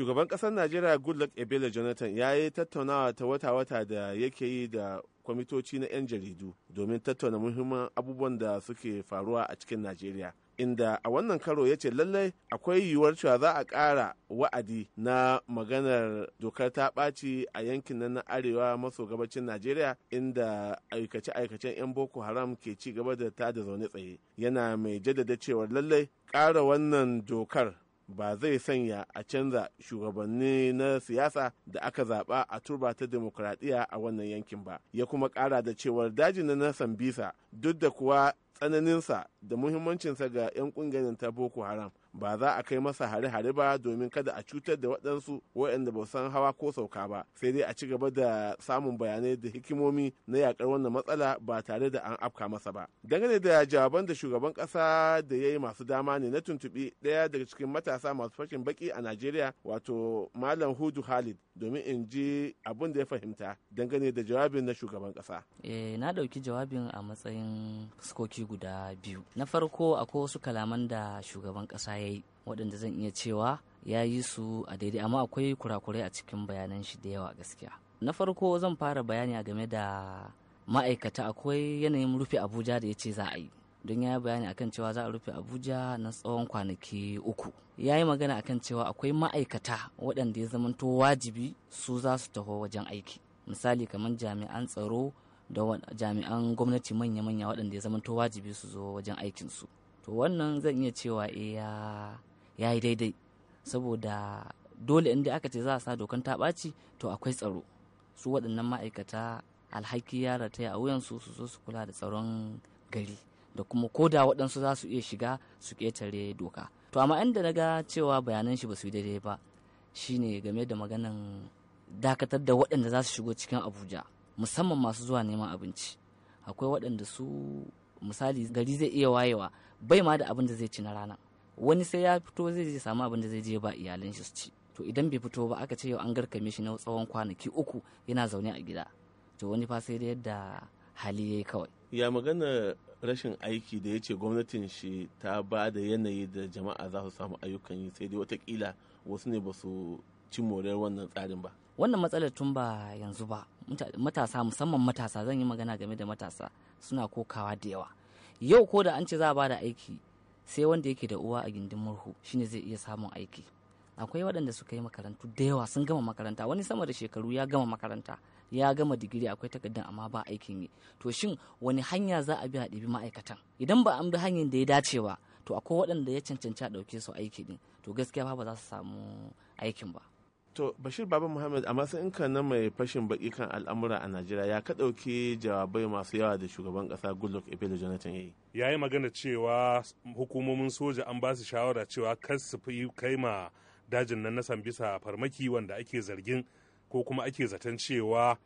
shugaban kasar najeriya goodluck ebele jonathan ya yi tattaunawa ta wata-wata da yake yi da kwamitoci na 'yan jaridu domin tattauna muhimman abubuwan da suke faruwa a cikin najeriya inda a wannan karo ya ce lallai akwai yiwuwar cewa za a ƙara wa'adi na maganar dokar ta ɓaci a yankin nan na arewa maso gabacin najeriya inda aikace-aikacen 'yan boko haram ke ci gaba da ta da zaune tsaye yana mai jaddada cewar lallai ƙara wannan dokar ba zai sanya a canza shugabanni na siyasa da aka zaɓa a turba ta demokradiyya a wannan yankin ba ya kuma ƙara da cewar daji na nasan bisa duk da kuwa tsananinsa da muhimmancinsa ga 'yan ƙungiyar ta boko haram ba za a kai masa hare-hare ba domin kada a cutar da waɗansu waɗanda ba san hawa ko sauka ba sai dai a ci gaba da samun bayanai da hikimomi na yakar wannan matsala ba tare da an afka masa ba dangane da jawaban da shugaban ƙasa da ya yi masu dama ne na tuntuɓi ɗaya daga cikin matasa masu fashin baki a najeriya wato malam hudu halid domin in ji abin da ya fahimta dangane da jawabin na shugaban kasa. Eh na ɗauki jawabin a matsayin skoki guda biyu. Na farko akwai wasu kalaman da shugaban kasa ya yi waɗanda zan iya cewa ya yi su a daidai amma akwai kurakurai a cikin bayanan shi da yawa gaskiya. Na farko zan fara bayani a game da ma'aikata akwai yanayin rufe Abuja da ya ce za a yi. don ya yi bayani akan cewa za a rufe abuja na tsawon kwanaki uku ya yi magana akan cewa akwai ma'aikata waɗanda ya zamanto wajibi su za su taho wajen aiki misali kamar jami'an tsaro da jami'an gwamnati manya-manya waɗanda ya zamanto wajibi su zo wajen aikinsu to wannan zan iya cewa eh, ya yi daidai saboda dole inda aka ce za a sa dokan ta ɓaci to akwai tsaro su waɗannan ma'aikata alhaki ya rataya a wuyansu su zo su kula da tsaron gari da kuma ko da waɗansu za su iya shiga su ƙetare doka to amma inda na ga cewa bayanan shi ba su yi daidai ba shine game da maganan dakatar da waɗanda za su shigo cikin abuja musamman masu zuwa neman abinci akwai waɗanda su misali gari zai iya wayewa bai ma da abin da zai ci na rana wani sai ya fito zai je samu abin da zai je ba iyalan shi su ci to idan bai fito ba aka ce yau an garkame shi na tsawon kwanaki uku yana zaune a gida to wani fa sai da yadda hali yayi kawai ya magana rashin aiki da ya ce gwamnatin shi ta ba da yanayi da jama'a za su samu ayyukan yi sai dai watakila wasu ne ba su ci moriyar wannan tsarin ba wannan matsalar tun ba yanzu ba matasa musamman matasa zan yi magana game da matasa suna kokawa da yawa yau ko da an ce za a ba da aiki sai wanda yake da uwa a gindin murhu shine zai iya samun aiki akwai waɗanda suka yi makarantu da yawa sun gama makaranta wani sama da shekaru ya gama makaranta ya gama digiri akwai takardun amma ba aikin yi to shin wani hanya za a bi a ɗibi ma'aikatan idan ba an bi hanyar da ya dace ba to akwai waɗanda ya cancanci a ɗauke su aiki ne to gaskiya ba ba za su samu aikin ba to bashir baba muhammad a matsayin ka na mai fashin baki kan al'amura a najeriya ya ka ɗauki jawabai masu yawa da shugaban kasa goodluck ebele jonathan yayi ya yi magana cewa hukumomin soja an ba su shawara cewa kar su fi kai ma dajin nan na bisa farmaki wanda ake zargin ko kuma ake zaton cewa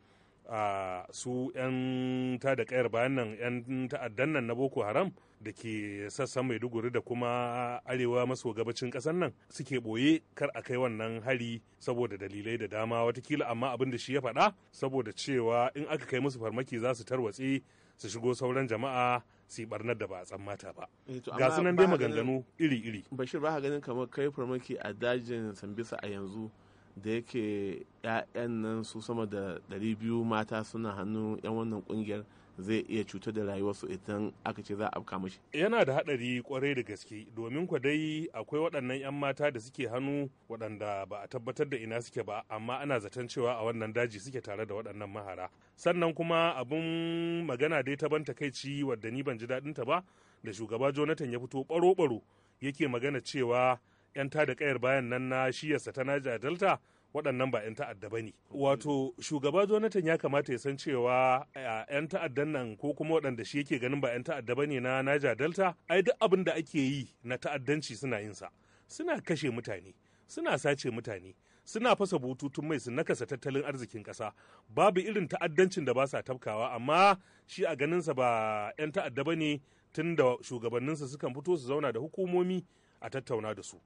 su 'yan ta da kayar bayan nan 'yan ta'addan nan na boko haram da ke sassan maiduguri da kuma arewa maso gabacin kasan nan suke ɓoye kar a kai wannan hari saboda dalilai da dama watakila amma abin da shi ya faɗa saboda cewa in aka kai musu farmaki za su tarwatse su shigo sauran jama'a su yi barnar da ba a tsammata ba eh, ga sunan dai maganganu iri-iri bashir ba ganin kamar kai farmaki a dajin sambisa a yanzu da yake 'ya'yan nan su sama da 200 mata suna hannu 'yan wannan kungiyar zai iya cutar da rayuwarsu idan aka ce za a afka mashi. Yana da haɗari kwarai da gaske domin kwa dai akwai waɗannan 'yan mata da suke hannu waɗanda ba a tabbatar da ina suke ba amma ana zaton cewa a wannan daji suke tare da waɗannan mahara. Sannan kuma abun magana dai ta ban takaici wadda ni ban ji daɗin ta ba da shugaba Jonathan ya fito ɓaro-ɓaro yake magana cewa 'yan tada kayar bayan nan na shiyarsa ta Niger Delta waɗannan ba 'yan ta'adda ba ne. Wato shugaba Jonathan ya kamata ya san cewa 'yan ta'addan nan ko kuma waɗanda shi yake ganin ba 'yan ta'adda ba ne na Niger Delta ai duk abin da ake yi na ta'addanci suna yin sa. Suna kashe mutane, suna sace mutane, suna fasa bututun mai su nakasa tattalin arzikin ƙasa babu irin ta'addancin da ba sa tafkawa amma shi a ganinsa ba 'yan ta'adda ba ne tun da shugabanninsa sukan fito su zauna da hukumomi a tattauna da su.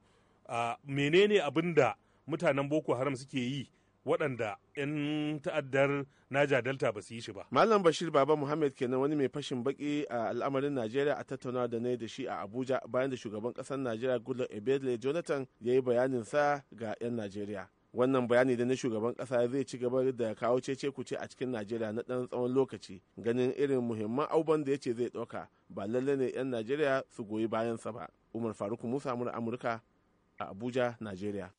menene abin da mutanen boko haram suke yi waɗanda 'yan ta'addar Naja Delta ba su yi shi ba. Malam Bashir Baba Muhammad kenan wani mai fashin baki a al'amarin Najeriya a tattauna da na da shi a Abuja bayan da shugaban ƙasar Najeriya Goodluck Ebele Jonathan ya yi bayanin sa ga 'yan Najeriya. Wannan bayani da na shugaban ƙasa zai ci gaba da kawo cece kuce a cikin Najeriya na ɗan tsawon lokaci ganin irin muhimman auban da ya ce zai ɗauka ba lallai ne 'yan Najeriya su goyi bayansa ba. Umar Faruk Musa Amurka a Abuja, Najeriya.